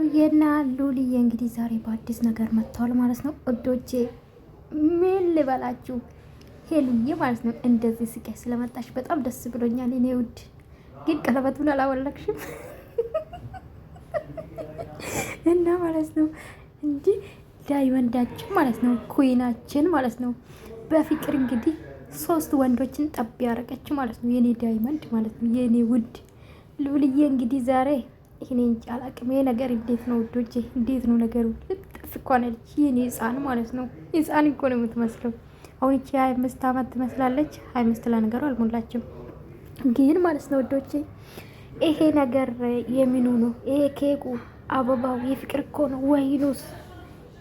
ሉዬና ሉልዬ እንግዲህ ዛሬ በአዲስ ነገር መጥተዋል ማለት ነው። እዶቼ ምን ልበላችሁ ሄሉዬ ማለት ነው። እንደዚህ ስቃይ ስለመጣሽ በጣም ደስ ብሎኛል። እኔ ውድ ግን ቀለበቱን አላወለቅሽም እና ማለት ነው እንዲህ ዳይመንዳችን ማለት ነው ኩናችን ማለት ነው በፍቅር እንግዲህ ሶስት ወንዶችን ጠብ ያረቀች ማለት ነው። የኔ ዳይመንድ ማለት ነው የኔ ውድ ሉልዬ እንግዲህ ዛሬ ይሄኔ እንጂ አላቅም። ይሄ ነገር እንዴት ነው ውዶቼ? እንዴት ነው ነገሩ? ልጥፍ እንኳን አለች። ህፃን ማለት ነው ህፃን እኮ ነው የምትመስለው። አሁን ይቺ ሀያ አምስት ዓመት ትመስላለች። ሀያ አምስት ለነገሩ አልሞላችም ግን ማለት ነው ውዶቼ ይሄ ነገር የሚኑ ነው? ይሄ ኬኩ፣ አበባው የፍቅር እኮ ነው። ወይኑስ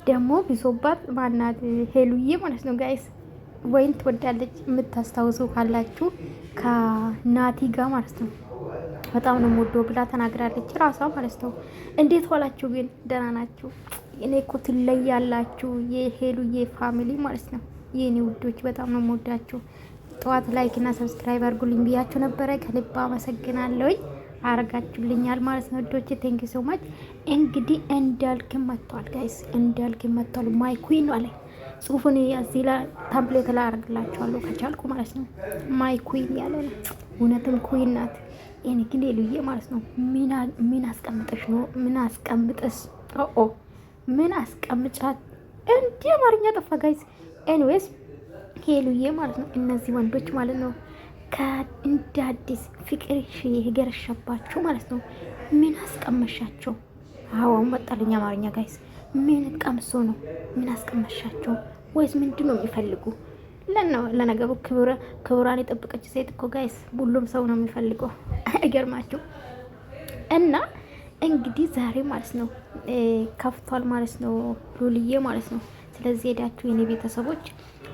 ደግሞ ቢሶባት ማናት ሄሉዬ ማለት ነው ጋይስ ወይን ትወዳለች። የምታስታውሰው ካላችሁ ከናቲ ጋር ማለት ነው በጣም ነው ሞዶ ብላ ተናግራለች ራሷ ማለት ነው። እንዴት ሆላችሁ ግን ደህና ናችሁ? እኔ እኮ ትለያላችሁ የሄሉዬ ፋሚሊ ማለት ነው። የእኔ ውዶች በጣም ነው ሞዳችሁ። ጠዋት ላይክ እና ሰብስክራይብ አድርጉልኝ ብያችሁ ነበረ። ከልባ አመሰግናለሁኝ። አረጋችሁልኛል ማለት ነው ውዶች። ቴንክ ሶ ማች። እንግዲህ እንዳልክም መጥቷል ጋይስ፣ እንዳልክም መጥቷል። ማይ ኩዊን አለ ጽሁፉን እዚህ ላይ ታምፕሌት ላይ አደርግላችኋለሁ ከቻልኩ ማለት ነው። ማይ ኩዊን ያለ ነው። እውነትም ኩዊን ናት። የኔ ግን ሌሉዬ ማለት ነው ምን አስቀምጠሽ ነው ምን አስቀምጠሽ ኦ ምን አስቀምጫት እንዲ አማርኛ ጠፋ ጋይስ ኤኒዌይስ ሄሉዬ ማለት ነው እነዚህ ወንዶች ማለት ነው እንደ አዲስ ፍቅር የገረሸባቸው ማለት ነው ምን አስቀመሻቸው አሁን መጣልኝ አማርኛ ጋይስ ምን ቀምሶ ነው ምን አስቀመሻቸው ወይስ ምንድን ነው የሚፈልጉ ለነገሩ ክብሯን የጠበቀች ሴት እኮ ጋይስ ሁሉም ሰው ነው የሚፈልገው። አይገርማችሁ እና እንግዲህ ዛሬ ማለት ነው ከፍቷል ማለት ነው ሉልዬ ማለት ነው። ስለዚህ ሄዳችሁ የኔ ቤተሰቦች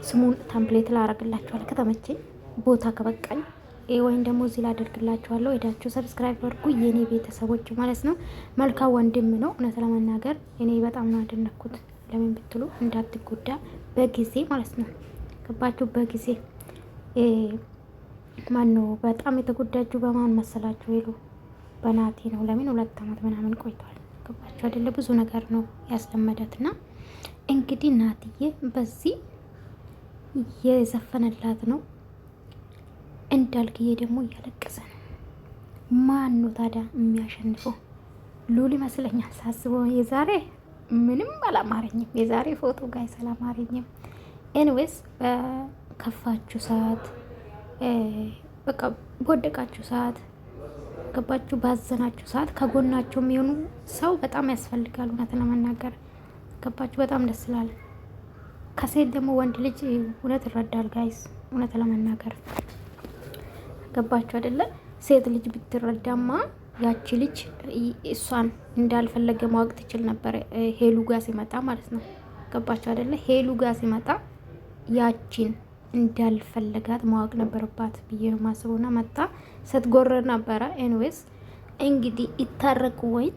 ስሙን ታምፕሌት ላረግላችኋል ከተመቸኝ ቦታ ከበቃኝ ወይም ደግሞ እዚህ ላደርግላችኋለሁ። ሄዳችሁ ሰብስክራይብ አድርጉ የኔ ቤተሰቦች ማለት ነው። መልካም ወንድም ነው እውነት ለመናገር እኔ በጣም ነው አደነኩት። ለምን ብትሉ እንዳትጎዳ በጊዜ ማለት ነው ገባችሁበት በጊዜ ማነው በጣም የተጎዳችሁ በማን መሰላችሁ? ይሉ በናቲ ነው። ለምን ሁለት ዓመት ምናምን ቆይቷል። ገባችሁ አይደለ? ብዙ ነገር ነው ያስለመዳት እና እንግዲህ ናትዬ በዚህ የዘፈነላት ነው። እንዳልክዬ ደግሞ እያለቀሰ ነው። ማን ነው ታዲያ የሚያሸንፈው? ሉል ይመስለኛል ሳስበው። የዛሬ ምንም አላማረኝም። የዛሬ ፎቶ ጋይስ አላማረኝም። ኤንዌስ በከፋችሁ ሰዓት በቃ በወደቃችሁ ሰዓት ገባችሁ፣ ባዘናችሁ ሰዓት ከጎናቸው የሚሆኑ ሰው በጣም ያስፈልጋል። እውነት ለመናገር ገባችሁ፣ በጣም ደስ ይላል። ከሴት ደግሞ ወንድ ልጅ እውነት ይረዳል። ጋይስ እውነት ለመናገር ገባችሁ አይደለ? ሴት ልጅ ብትረዳማ ያቺ ልጅ እሷን እንዳልፈለገ ማወቅ ትችል ነበር። ሄሉ ጋ ሲመጣ ማለት ነው። ገባችሁ አይደለ? ሄሉ ጋ ሲመጣ ያቺን እንዳልፈለጋት ማወቅ ነበረባት ብዬ ነው ማስበውና መጣ ስትጎረ ነበረ። ኤንዌስ እንግዲህ ይታረቁ ወይ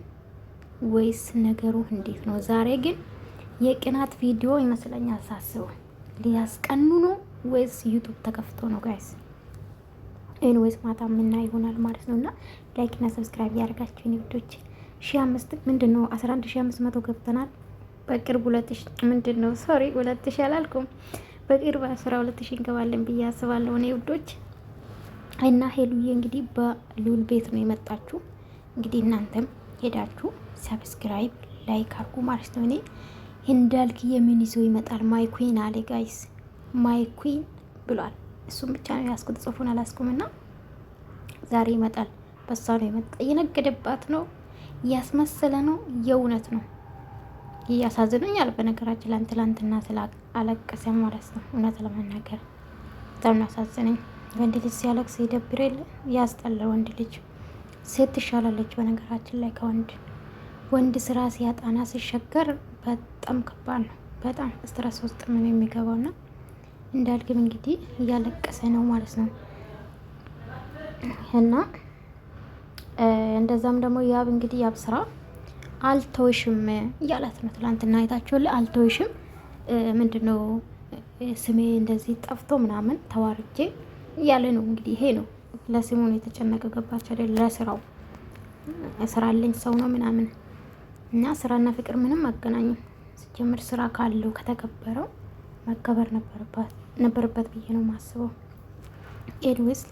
ወይስ ነገሩ እንዴት ነው? ዛሬ ግን የቅናት ቪዲዮ ይመስለኛል ሳስበው፣ ሊያስቀኑ ነው ወይስ ዩቱብ ተከፍቶ ነው? ጋይስ ኤንዌስ ማታ ምና ይሆናል ማለት ነው። እና ላይክና ሰብስክራይብ ያደርጋችሁ ንግዶች ሺ አምስት ምንድን ነው አስራ አንድ ሺ አምስት መቶ ገብተናል። በቅርብ ሁለት ምንድን ነው ሶሪ ሁለት ሺ አላልኩም በቅርብ አስራ ሁለት ሺ እንገባለን ብዬ አስባለሁ እኔ ውዶች። እና ሄሉዬ እንግዲህ በሉል ቤት ነው የመጣችሁ። እንግዲህ እናንተም ሄዳችሁ ሰብስክራይብ ላይክ አድርጉ ማለት ነው። እኔ እንዳልክ የምን ይዞ ይመጣል ማይ ኩን አለ ጋይስ፣ ማይ ኩን ብሏል። እሱም ብቻ ነው ያስኩት፣ ጽሁፉን አላስኩም። እና ዛሬ ይመጣል። በሳ ነው የመጣ እየነገደባት ነው፣ እያስመሰለ ነው፣ የእውነት ነው። እያሳዝኑኛል። በነገራችን ላይ ትላንትና ስላለቀሰ ማለት ነው እውነት ለመናገር በጣም ያሳዝነኝ። ወንድ ልጅ ሲያለቅስ ይደብር የለ ያስጠላል። ወንድ ልጅ ሴት ትሻላለች በነገራችን ላይ ከወንድ ወንድ ስራ ሲያጣና ሲሸገር በጣም ከባድ ነው። በጣም ስትረስ ውስጥ ምን የሚገባው እና እንዳልግም እንግዲህ እያለቀሰ ነው ማለት ነው እና እንደዛም ደግሞ ያብ እንግዲህ ያብ ስራ አልተወሽም እያላት ነው። ትላንትና አይታቸው አልተወሽም ምንድነው ስሜ እንደዚህ ጠፍቶ ምናምን ተዋርጄ እያለ ነው እንግዲህ። ይሄ ነው ለስሙ የተጨነቀ ገባቸው አይደል? ለስራው ስራ አለኝ ሰው ነው ምናምን እና ስራና ፍቅር ምንም አገናኝም። ስጀምር ስራ ካለው ከተከበረው መከበር ነበረበት ብዬ ነው የማስበው። ኤድዊስ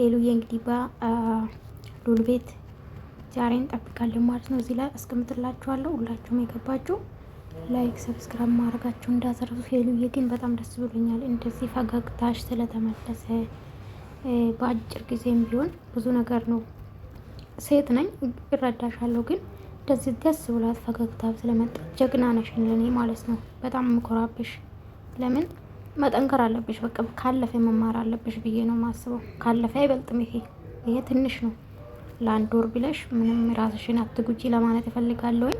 ሄሉዬ እንግዲህ በሉል ቤት ዛሬ እንጠብቃለን ማለት ነው። እዚህ ላይ አስቀምጥላችኋለሁ። ሁላችሁም የገባችሁ ላይክ፣ ሰብስክራይብ ማድረጋችሁ እንዳዘረሱ ሄሉዬ ግን በጣም ደስ ብሎኛል እንደዚህ ፈገግታሽ ስለተመለሰ። በአጭር ጊዜም ቢሆን ብዙ ነገር ነው። ሴት ነኝ እረዳሻለሁ፣ ግን እንደዚህ ደስ ብላት ፈገግታ ስለመጣ ጀግና ነሽ ለኔ ማለት ነው። በጣም የምኮራብሽ ለምን መጠንከር አለብሽ። በቃ ካለፈ መማር አለብሽ ብዬ ነው ማስበው። ካለፈ አይበልጥም። ይሄ ይሄ ትንሽ ነው። ለአንድ ወር ብለሽ ምንም ራስሽን አትጉጂ ለማለት እፈልጋለሁኝ።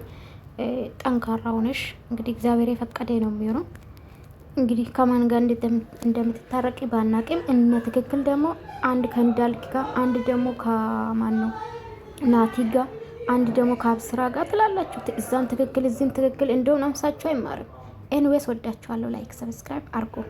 ጠንካራ ሆነሽ እንግዲህ እግዚአብሔር የፈቀደ ነው የሚሆነው። እንግዲህ ከማን ጋር እንደምትታረቂ ባናቅም እነ ትክክል ደግሞ አንድ ከእንዳልክ ጋር አንድ ደግሞ ከማን ነው ናቲ ጋር አንድ ደግሞ ከአብስራ ጋር ትላላችሁ። እዛም ትክክል እዚህም ትክክል እንደሆነ አምሳችሁ አይማርም። ኤንዌስ ወዳችኋለሁ። ላይክ ሰብስክራይብ አርጎ